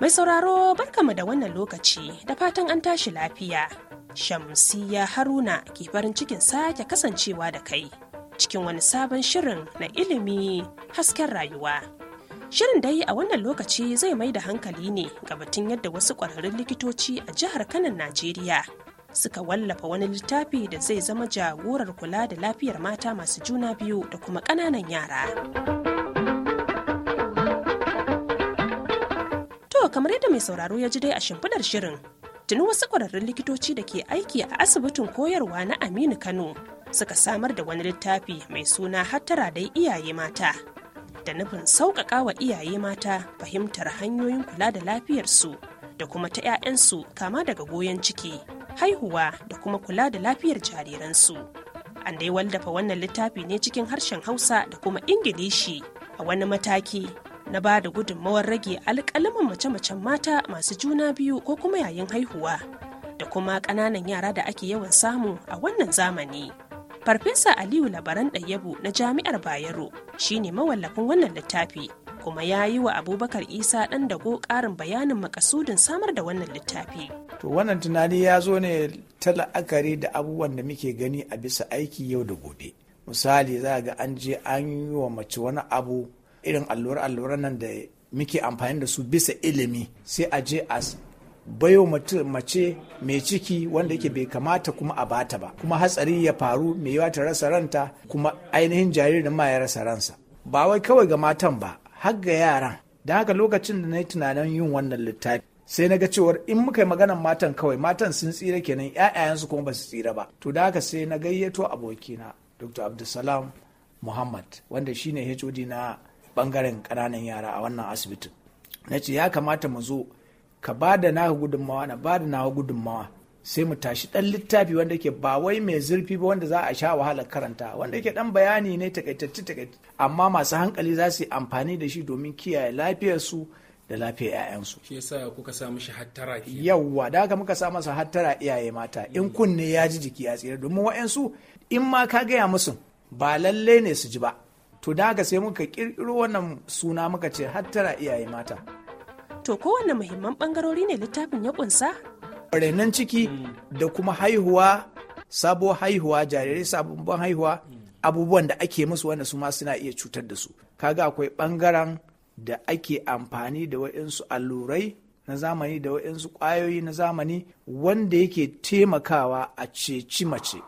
Mai sauraro barkamu da wannan lokaci da fatan an tashi lafiya. Shamsiya Haruna ke farin cikin sake kasancewa da kai cikin wani sabon shirin na ilimi hasken rayuwa. Shirin dai a wannan lokaci zai mai da hankali ne ga batun yadda wasu ƙwararrun likitoci a jihar Kanan Najeriya suka wallafa wani littafi da zai zama jagorar kula da lafiyar mata masu juna biyu da kuma ƙananan yara. To kamar yadda mai sauraro ya ji dai a shimfidar shirin, tuni wasu ƙwararrun likitoci da ke aiki a asibitin koyarwa na Aminu Kano suka samar da wani littafi mai suna hattara dai iyaye mata. Da nufin sauƙaƙa wa iyaye mata fahimtar hanyoyin kula da lafiyarsu da kuma ta 'ya'yansu kama daga goyon ciki, haihuwa da kuma kula da lafiyar jariransu. An dai wallafa wannan littafi ne cikin harshen Hausa da kuma Ingilishi a wani mataki na ba da gudunmawar rage alƙalamin mace-macen mata masu juna biyu ko kuma yayin haihuwa da kuma ƙananan yara da ake yawan samu a wannan zamani. Farfesa Aliyu Labaran Ɗayyabu na Jami'ar Bayero shine mawallafin wannan littafi kuma ya yi wa Abubakar Isa ɗan dago ƙarin bayanin makasudin samar da wannan littafi. To wannan tunani ya zo ne ta la'akari da abubuwan da muke gani a bisa aiki yau da gobe. Misali za ga an je an yi wa mace wani abu irin allura-alluran nan da muke amfani da su bisa ilimi sai a je a bayo mace mai ciki wanda yake bai kamata kuma a bata ba kuma hatsari ya faru mai yawa ta rasa ranta kuma ainihin jaririn ma ya rasa ransa ba wai kawai ga matan ba har ga yaran don haka lokacin da na yi tunanin yin wannan littafi sai na ga cewar in muka yi maganan matan kawai matan sun tsira kenan ƴaƴayensu kuma ba su tsira ba to da haka sai na gayyato abokina dr abdulsalam muhammad wanda shine hod na bangaren kananan yara a wannan asibitin na ce ya kamata mu zo ka ba da na gudunmawa na ba da nawa gudunmawa sai mu tashi ɗan littafi wanda ke ba wai mai zurfi ba wanda za a sha wahala karanta wanda ke ɗan bayani ne takaitacce takaitacce amma masu hankali za su yi amfani da shi domin kiyaye lafiyar su da lafiyar 'ya'yansu. Shi yasa kuka sa mishi hattara Yawwa da haka muka sa masa hattara iyaye mata in kunne ya ji jiki ya tsira domin wa'yansu in ma ka gaya musu ba lalle ne su ji ba to da sai muka kirkiro wannan suna muka ce hattara iyaye mata to kowane muhimman bangarori ne littafin ya kunsa renon ciki mm. da kuma haihuwa sabo haihuwa jarirai sabon haihuwa mm. abubuwan da ake musu wanda su ma suna iya cutar da su kaga akwai bangaren da ake amfani da waɗansu allurai na zamani da waɗansu ƙwayoyi na zamani wanda yake taimakawa a ceci mace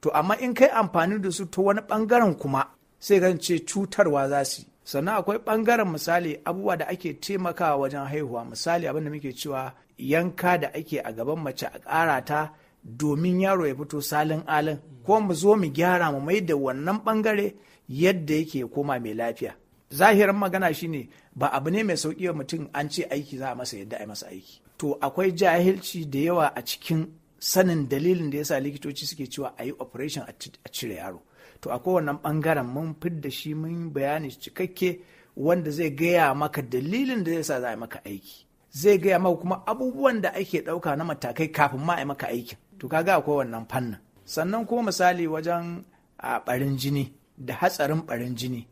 to amma in kai amfani da su ta wani bangaren kuma sai kan ce cutarwa za su sannan akwai ɓangaren misali abubuwa da ake taimakawa wajen haihuwa misali abin da muke cewa yanka da ake a gaban mace a ƙara ta domin yaro ya fito salin alin ko mu zo mu gyara mu mai da wannan ɓangare yadda yake koma mai lafiya zahirin magana shine ba abu ne mai sauƙi wa mutum an ce aiki za a masa yadda a masa aiki to akwai jahilci da yawa a cikin sanin dalilin da yasa likitoci suke cewa a yi operation a cire yaro to a kowannan bangaren mun fidda shi mun bayani cikakke wanda zai gaya maka dalilin da zai sa za a yi maka aiki zai gaya maka kuma abubuwan da ake ɗauka na matakai kafin ma a yi maka aikin to kaga akwai wannan fannin sannan kuma misali wajen a barin jini da hatsarin barin jini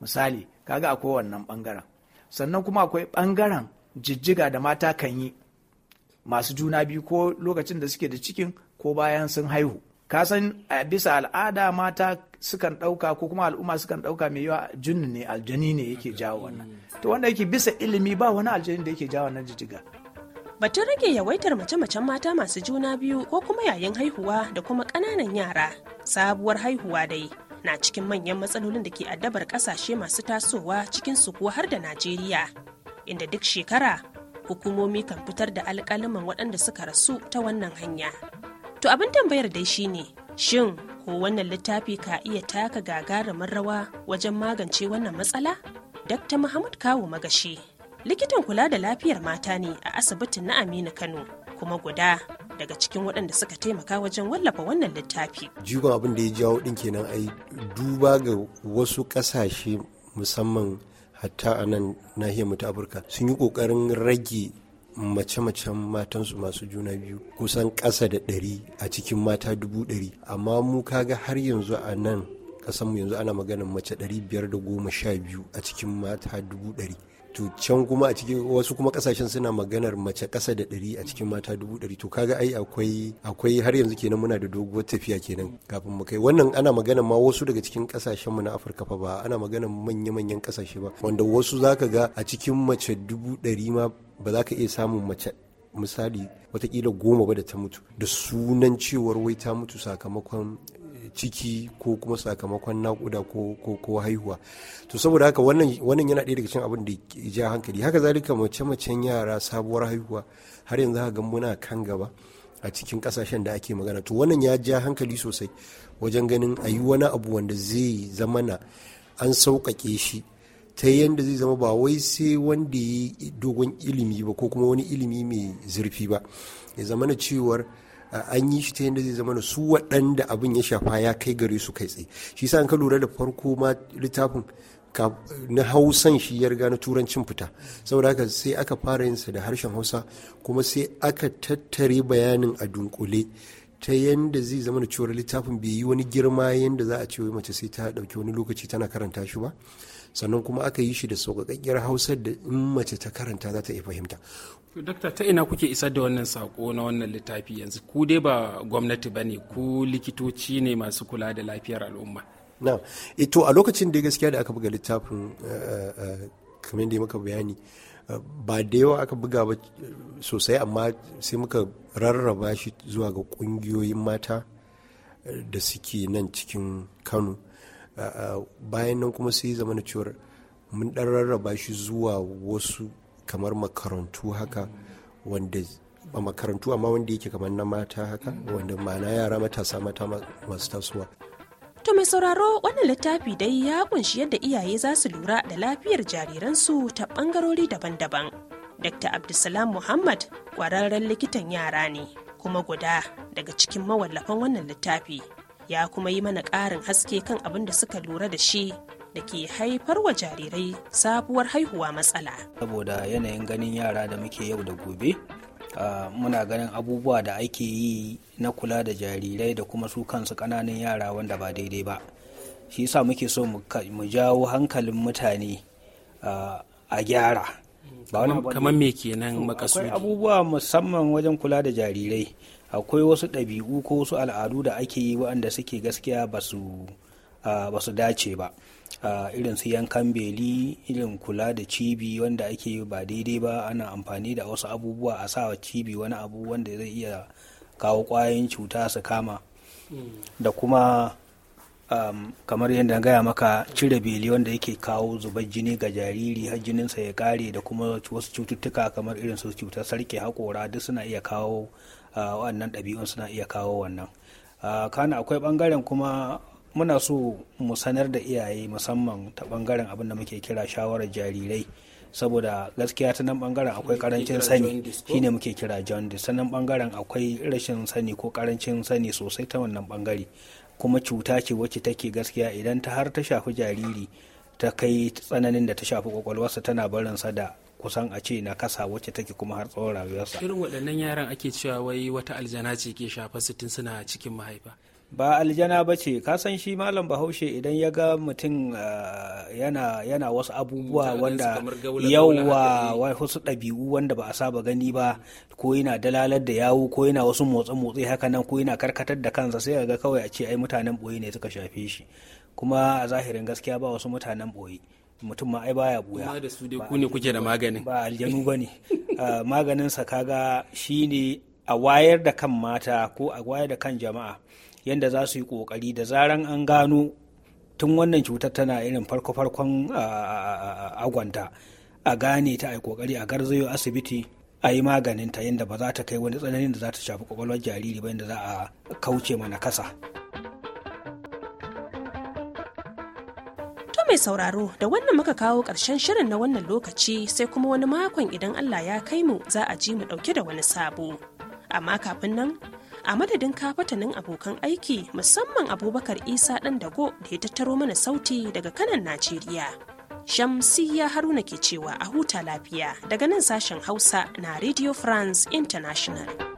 misali kaga akwai wannan bangaren sannan kuma akwai ɓangaren jijjiga da mata kan yi masu juna biyu ko lokacin da suke da cikin ko bayan sun haihu ka san bisa al'ada mata sukan ɗauka ko kuma al'umma sukan ɗauka mai yawa junni ne aljani ne yake jawo wannan to wanda yake bisa ilimi ba wani aljani da yake jawo wannan jijiga batun rage yawaitar mace-macen mata masu juna biyu ko kuma yayin haihuwa da kuma ƙananan yara sabuwar haihuwa dai na cikin manyan matsalolin da ke addabar ƙasashe masu tasowa cikin su kuwa har da najeriya inda duk shekara hukumomi kan fitar da alƙaliman waɗanda suka rasu ta wannan hanya To abin tambayar dai ne shin ko wannan littafi ka iya taka gagarumin rawa wajen magance wannan matsala? Dr. Muhammad Kawu Magashi likitan kula da lafiyar mata ne a asibitin na Aminu Kano kuma guda daga cikin waɗanda suka taimaka wajen wallafa wannan littafi. Jigon abin da ya jawo ɗin kenan ai duba ga wasu ƙasashe musamman hatta a nan nahiyar mu ta Afirka sun yi ƙoƙarin rage mace-macen matansu masu juna biyu kusan ƙasa da ɗari a cikin mata dubu ɗari amma mu kaga har yanzu a nan ƙasanmu yanzu ana maganin mace ɗari biyar da goma sha biyu a cikin mata dubu ɗari to can kuma a cikin wasu kuma kasashen suna maganar mace kasa da ɗari a cikin mata dubu ɗari to kaga ai akwai akwai har yanzu kenan muna da doguwar tafiya kenan kafin mu kai wannan ana magana ma wasu daga cikin kasashen mu na Afirka fa ba ana maganar manya-manyan kasashe ba wanda wasu zaka ga a cikin mace dubu ɗari ma ba za ka iya samun mace misali watakila goma ba da ta mutu da sunan cewar wai ta mutu sakamakon ciki ko kuma sakamakon naƙuda ko haihuwa to saboda haka wannan yana ɗaya daga cikin abin da ja hankali haka zalika mace-macen yara sabuwar haihuwa har yanzu haka ga muna kan gaba a cikin kasashen da ake magana to wannan ya ja hankali sosai wajen ganin a yi wani abu wanda zai zama na an sauƙaƙe shi ta yadda zai zama ba wai sai wanda ya yi dogon ilimi ba ko kuma wani ilimi mai zurfi ba ya zama na cewar an yi shi ta yadda zai zama su waɗanda abin ya shafa ya kai gare su kai tsaye shi sa ka lura da farko ma littafin na hausan shi ya riga na turancin fita saboda haka sai aka fara yinsa da harshen hausa kuma sai aka tattare bayanin a dunkule ta yadda zai zama da cewar littafin bai yi wani girma yadda za a ce mace sai ta dauki wani lokaci tana karanta shi ba sannan kuma aka yi shi da sauƙaƙƙiyar hausar da in mace ta karanta za ta iya fahimta. Dokta ta ina kuke isar da wannan saƙo na wannan littafi yanzu ku dai ba gwamnati ba ne ku likitoci ne masu kula da lafiyar al'umma. Na, ito eh, a lokacin da gaskiya da aka buga littafin eh, eh, kamar da muka bayani eh, ba da yawa aka buga ba sosai amma sai muka rarraba shi zuwa ga kungiyoyin mata eh, da suke nan cikin kano eh, bayan nan kuma sai zama na cewar mun dan rarraba shi zuwa wasu kamar makarantu haka wanda ba makarantu amma wanda yake kamar na mata haka wanda ma'ana yara matasa mata masu tasowa To mai sauraro wannan littafi dai ya kunshi yadda iyaye za su lura da lafiyar jariransu ta bangarori daban-daban. Dr. Abdulsalam Muhammad ƙwararren likitan yara ne kuma guda daga cikin mawallafan wannan littafi. Ya kuma yi mana ƙarin haske kan abin da suka lura da shi da ke haifar wa jarirai sabuwar haihuwa matsala. Saboda yanayin ganin yara da muke yau da gobe, Ah, muna ganin abubuwa da ake yi na kula da jarirai da kuma su kansu kananan yara wanda ba daidai ba shi yasa muke so mu jawo hankalin mutane ah, a gyara kamar me kenan makasudi akwai abubuwa musamman wajen kula da jarirai akwai wasu ɗabi'u ko wasu al'adu da ake yi waɗanda suke gaskiya ba su ah, dace ba irin su yankan beli irin kula da cibi wanda ake ba daidai ba ana amfani da wasu abubuwa a sawa cibi wani abu wanda zai iya kawo kwayoyin cuta su kama da kuma um, kamar yadda gaya maka cire beli wanda yake kawo zubar jini ga jariri har jininsa ya kare da kuma wasu cututtuka kamar irin su cutar sarki haƙora duk suna iya kawo uh, wannan ɗabi'un suna iya kawo wannan uh, kana akwai ɓangaren kuma muna so mu sanar da iyaye musamman ta bangaren abin da muke kira shawarar jarirai saboda gaskiya ta nan bangaren akwai karancin sani shine muke kira jaundice sanan bangaren akwai rashin sani ko karancin sani sosai ta wannan bangare kuma cuta ce wacce take gaskiya idan ta har ta shafi jariri ta kai tsananin da ta shafi kwakwalwarsa tana barinsa da kusan a ce na kasa wacce take kuma har tsawon rayuwarsa irin waɗannan yaran ake cewa wai wata aljana ce ke shafa tun suna cikin mahaifa ba aljana ba ce kasan shi malam bahaushe idan ya ga mutum ah, yana, yana wasu abubuwa wanda yauwa wasu ɗabi'u wanda ba a saba gani ba ko yana dalalar da yawu ko yana wasu motsi-motsi haka nan ko yana karkatar da kansa sai ga kawai a ce ai mutanen ɓoye ne suka shafe shi kuma a zahirin gaskiya ba wasu mutanen ɓoye mutum ma ai baya buya ba da su dai ku ne kuke da magani ba aljanu ba ne ah, maganin sa kaga shine a wayar da kan mata ko a wayar da kan jama'a yadda za su yi kokari da zaran an gano tun wannan cutar tana irin farko-farkon agwanta a gane ta a yi kokari a garzayo asibiti a yi maganinta yadda ba za ta kai wani tsananin da za ta shafi kwakwalwar jariri ba yadda za a kauce mana kasa. mai sauraro da wannan muka kawo ƙarshen shirin na wannan lokaci sai kuma wani makon idan Allah ya kai mu za a ji mu ɗauke da wani sabo. Amma kafin nan a madadin kafatanin abokan aiki musamman abubakar isa ɗan dago da ya tattaro mana sauti daga kanan najeriya shamsiya haruna ke cewa a huta lafiya daga nan sashen hausa na radio france international